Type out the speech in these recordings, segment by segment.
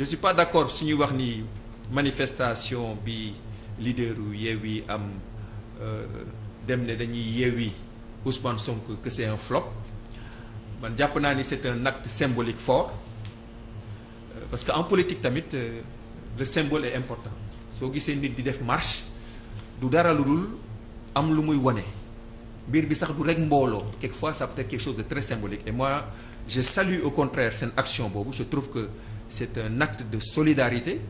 je suis pas d'accord suñu wax ni manifestation bi leaderu Yewwi am euh, dem ne dañuy Yewwi Ousmane Sonko que c'est un flop man jàpp naa ni c'est un acte symbolique fort euh, parce que en politique tamit euh, le symbole est important soo gisee nit di def marche du dara lu am lu muy wane mbir bi sax du rek mbooloo quelquefois fois peut être quelque chose de très symbolique et moi je salue au contraire seen action boobu je trouve que c'est un acte de solidarité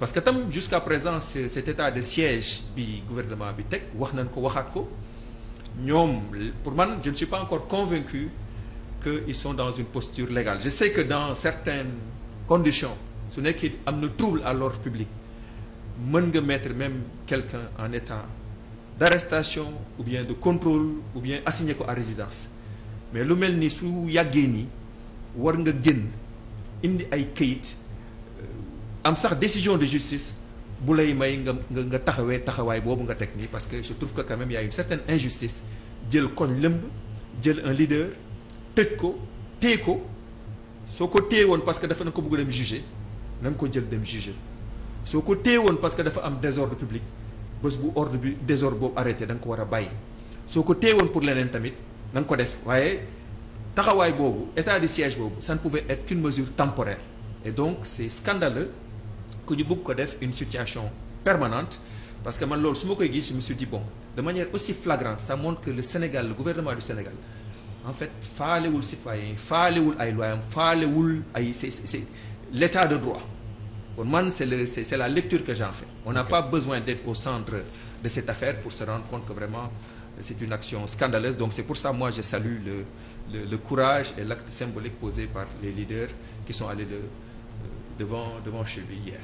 parce que tam jusqu'à présent cet état de siège bi gouvernement bi teg wax nañ ko waxaat ko ñoom pour man je ne suis pas encore convaincu que ils sont dans une posture légale je sais que dans certaines conditions su nekkee am na trouble à l'ordre public mën nga mettre même quelqu'un en état d'arrestation ou bien de contrôle ou bien assigner ko à résidence mais lu mel ni su yàggee nii war nga génn indi ay kayit euh, am sax décision de justice bu lay may nga nga taxawee taxawaay boobu nga teg nii parce que je trouve que quand même a une certaine injustice jël koñ lëmb jël un leader tëj ko téye ko soo ko téye woon parce que dafa na ko bëgg dem juger na nga ko jël dem juger soo ko téye woon parce que dafa am désordre public bés bu ordre bi désordre boobu arrêté da nga ko war a bàyyi soo ko téye woon pour leneen tamit na ko def waaye. taxawaay boobu état de siège boobu ça ne pouvait être qu'une mesure temporaire et donc c'est scandaleux que ñu bëgg ko def une situation permanente parce que man loolu su ma koy gis je me suis dit bon de manière aussi flagrante ça montre que le Sénégal le gouvernement du Sénégal en fait faalewul citoyens yi faalewul ay loyam faalewul ay c'est c'est l'état de droit kon man c'est le la lecture que j'en fais on n'a okay. pas besoin d'être au centre de cette affaire pour se rendre c'est une action scandaleuse. Donc c'est pour ça, moi, je salue le, le, le courage et l'acte symbolique posé par les leaders qui sont allés de, euh, devant, devant chez lui hier.